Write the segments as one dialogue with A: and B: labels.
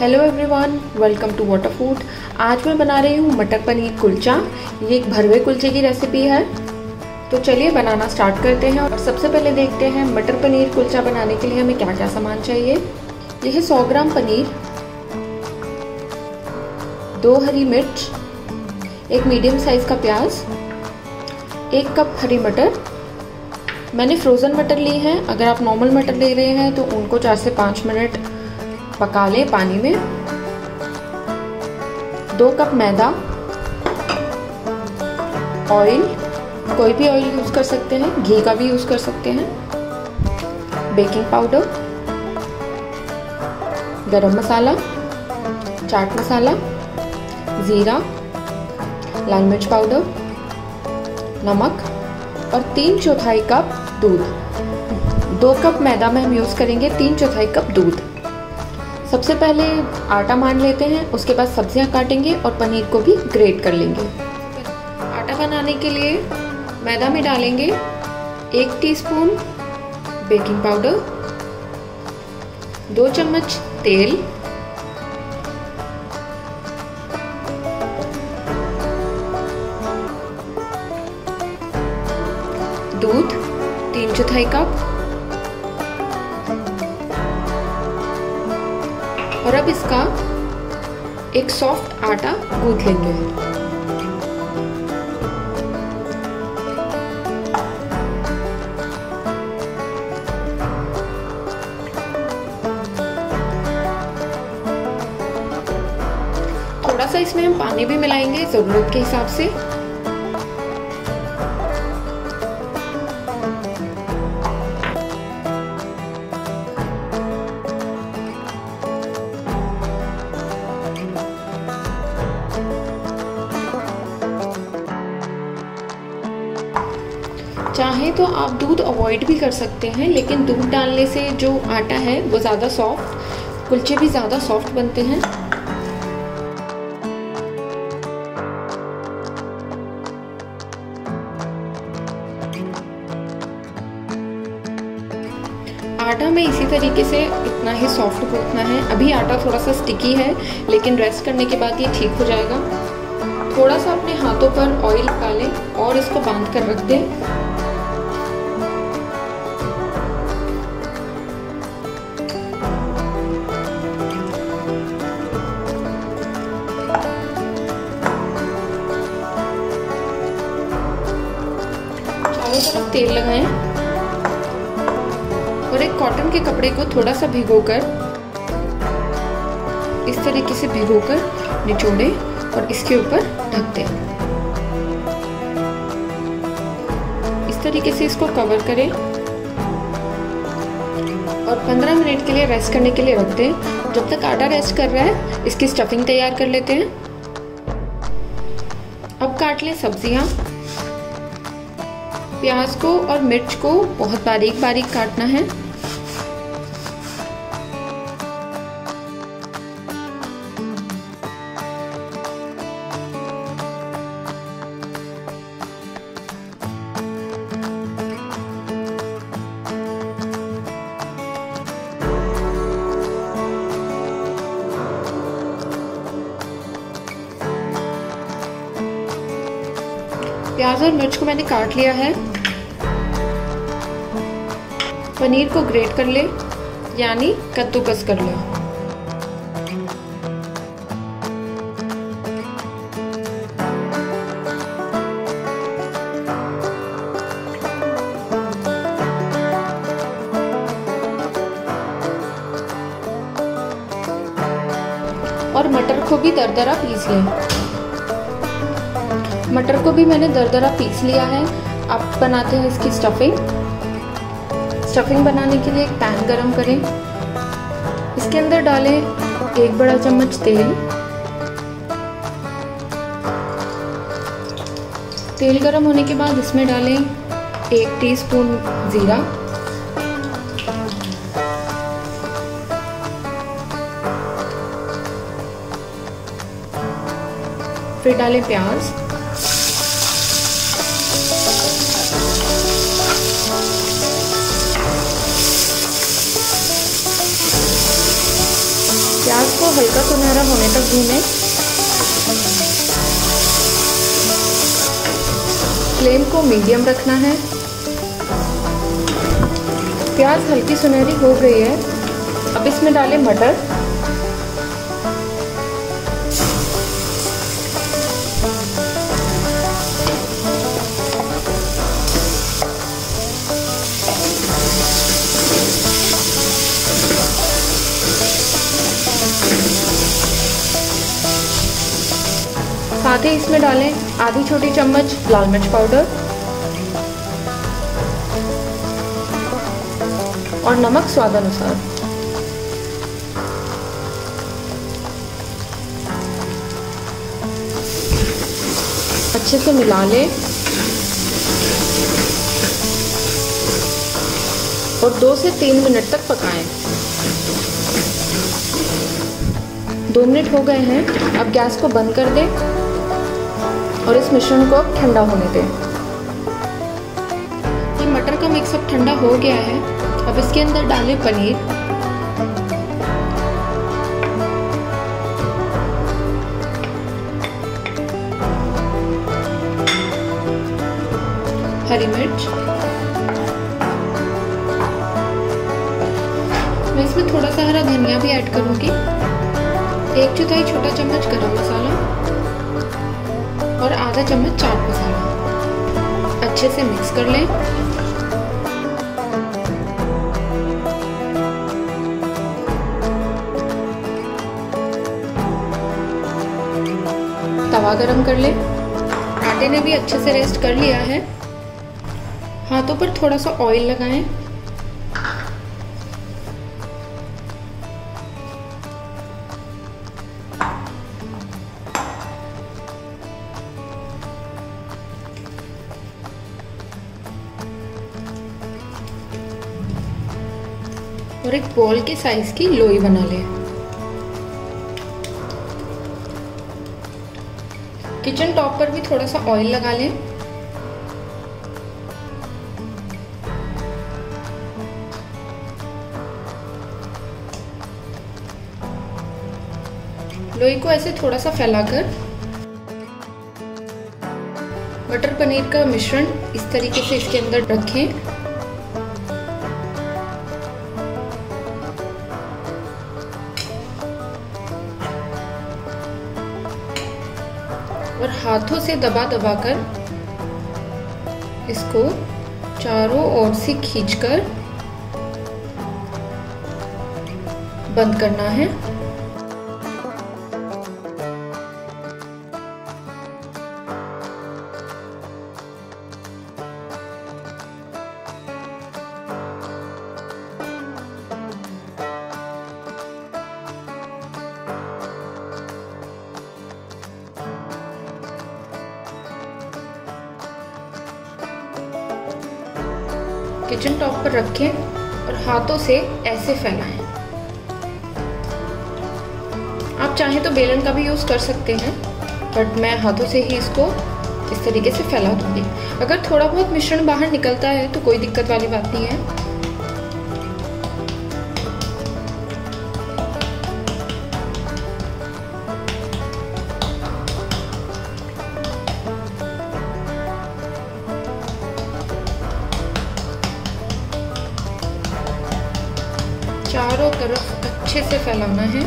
A: Hello everyone welcome to water food आज मैं बना रही हूँ मटर पनीर कुलचा ये एक भरवे कुलचे की रेसिपी है तो चलिए बनाना स्टार्ट करते हैं और सबसे पहले देखते हैं मटर पनीर कुलचा बनाने के लिए हमें क्या क्या सामान चाहिए यह है सौ ग्राम पनीर दो हरी मिर्च एक मीडियम साइज का प्याज एक कप हरी मटर मैंने फ्रोज़न मटर ली है अगर आप नॉर्मल मटर ले रहे हैं तो उनको चार से पाँच मिनट पका लें पानी में दो कप मैदा ऑयल कोई भी ऑयल यूज़ कर सकते हैं घी का भी यूज़ कर सकते हैं बेकिंग पाउडर गरम मसाला चाट मसाला ज़ीरा लाल मिर्च पाउडर नमक और तीन चौथाई कप दूध दो कप मैदा में हम यूज़ करेंगे तीन चौथाई कप दूध सबसे पहले आटा मान लेते हैं उसके बाद सब्जियां काटेंगे और पनीर को भी ग्रेट कर लेंगे आटा बनाने के लिए मैदा में डालेंगे एक टीस्पून बेकिंग पाउडर दो चम्मच तेल दूध तीन चौथाई कप और अब इसका एक सॉफ्ट आटा गूंथ लेंगे थोड़ा सा इसमें हम पानी भी मिलाएंगे ज़रूरत के हिसाब से चाहें तो आप दूध अवॉइड भी कर सकते हैं लेकिन दूध डालने से जो आटा है वो ज़्यादा सॉफ्ट कुलचे भी ज़्यादा सॉफ्ट बनते हैं आटा में इसी तरीके से इतना ही सॉफ्ट गूंथना है अभी आटा थोड़ा सा स्टिकी है लेकिन रेस्ट करने के बाद ये ठीक हो जाएगा थोड़ा सा अपने हाथों पर ऑयल लगा लें और इसको बांध कर रख दें तेल लगाएं और एक कॉटन के कपड़े को थोड़ा सा भिगोकर इस तरीके से भिगोकर निचोड़े और इसके ऊपर ढक दें इस तरीके से इसको कवर करें और 15 मिनट के लिए रेस्ट करने के लिए रख दें जब तक आटा रेस्ट कर रहा है इसकी स्टफिंग तैयार कर लेते हैं अब काट लें सब्जियां प्याज को और मिर्च को बहुत बारीक बारीक काटना है प्याज और मिर्च को मैंने काट लिया है पनीर को ग्रेट कर ले यानी कद्दूकस कर ले और मटर को भी दरदरा पीस लें मटर को भी मैंने दरदरा पीस लिया है आप बनाते हैं इसकी स्टफिंग स्टफिंग बनाने के लिए एक पैन गरम करें इसके अंदर डालें एक बड़ा चम्मच तेल तेल गरम होने के बाद इसमें डालें एक टीस्पून ज़ीरा फिर डालें प्याज हल्का सुनहरा होने तक भूनें फ्लेम को मीडियम रखना है प्याज हल्की सुनहरी हो गई है अब इसमें डालें मटर साथ ही इसमें डालें आधी छोटी चम्मच लाल मिर्च पाउडर और नमक स्वाद अनुसार अच्छे से मिला लें और दो से तीन मिनट तक पकाएं। दो मिनट हो गए हैं अब गैस को बंद कर दें और इस मिश्रण को अब ठंडा होने दें ये मटर का मिक्स अब ठंडा हो गया है अब इसके अंदर डालें पनीर हरी मिर्च मैं इसमें थोड़ा सा हरा धनिया भी ऐड करूंगी एक चौथाई छोटा चम्मच गरम मसाला और आधा चम्मच चाट मसाला अच्छे से मिक्स कर लें तवा गरम कर लें आटे ने भी अच्छे से रेस्ट कर लिया है हाथों पर थोड़ा सा ऑयल लगाएं और एक बॉल के साइज़ की लोई बना लें किचन टॉप पर भी थोड़ा सा ऑयल लगा लें लोई को ऐसे थोड़ा सा फैलाकर बटर पनीर का मिश्रण इस तरीके से इसके अंदर रखें हाथों से दबा दबा कर इसको चारों ओर से खींचकर बंद करना है किचन टॉप पर रखें और हाथों से ऐसे फैलाएं आप चाहें तो बेलन का भी यूज़ कर सकते हैं बट मैं हाथों से ही इसको इस तरीके से फैला दूंगी अगर थोड़ा बहुत मिश्रण बाहर निकलता है तो कोई दिक्कत वाली बात नहीं है चारों तरफ अच्छे से फैलाना है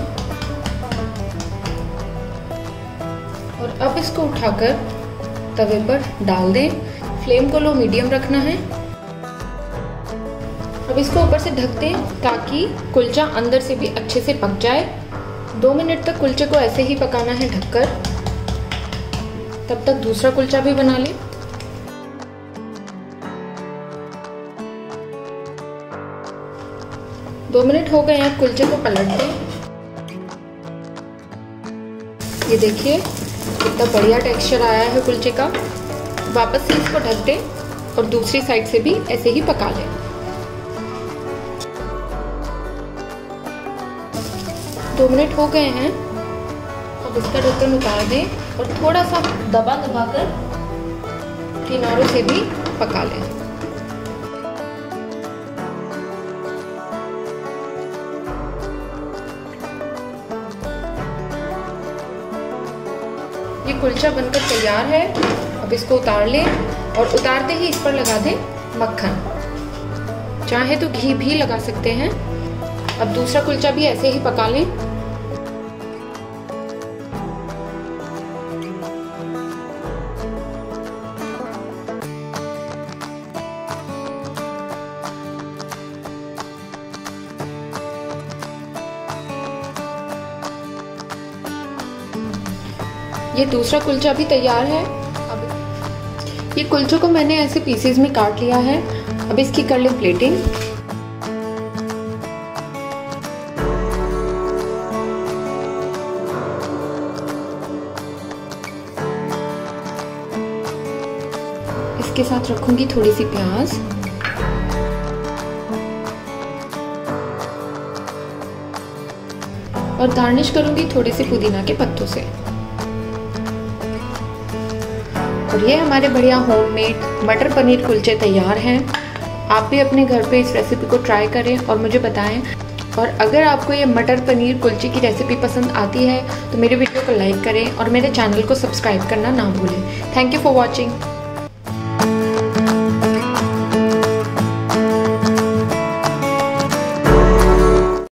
A: और अब इसको उठाकर तवे पर डाल दें फ्लेम को लो मीडियम रखना है अब इसको ऊपर से ढक दें ताकि कुलचा अंदर से भी अच्छे से पक जाए दो मिनट तक कुलचे को ऐसे ही पकाना है ढककर तब तक दूसरा कुलचा भी बना लें दो मिनट हो गए हैं कुलचे को पलट दें ये देखिए कितना बढ़िया टेक्सचर आया है कुलचे का वापस से इसको ढक दें और दूसरी साइड से भी ऐसे ही पका लें दो मिनट हो गए हैं अब इसका ढक्कन उतार दें और थोड़ा सा दबा दबा कर किनारों से भी पका लें ये कुलचा बनकर तैयार है अब इसको उतार लें और उतारते ही इस पर लगा दें मक्खन चाहे तो घी भी लगा सकते हैं अब दूसरा कुलचा भी ऐसे ही पका लें ये दूसरा कुलचा भी तैयार है अब ये कुलचों को मैंने ऐसे पीसेस में काट लिया है अब इसकी कर लें प्लेटिंग इसके साथ रखूंगी थोड़ी सी प्याज और गार्निश करूंगी थोड़े से पुदीना के पत्तों से और ये हमारे बढ़िया होममेड मटर पनीर कुलचे तैयार हैं आप भी अपने घर पे इस रेसिपी को ट्राई करें और मुझे बताएं और अगर आपको ये मटर पनीर कुलचे की रेसिपी पसंद आती है तो मेरे वीडियो को लाइक करें और मेरे चैनल को सब्सक्राइब करना ना भूलें थैंक यू फॉर वॉचिंग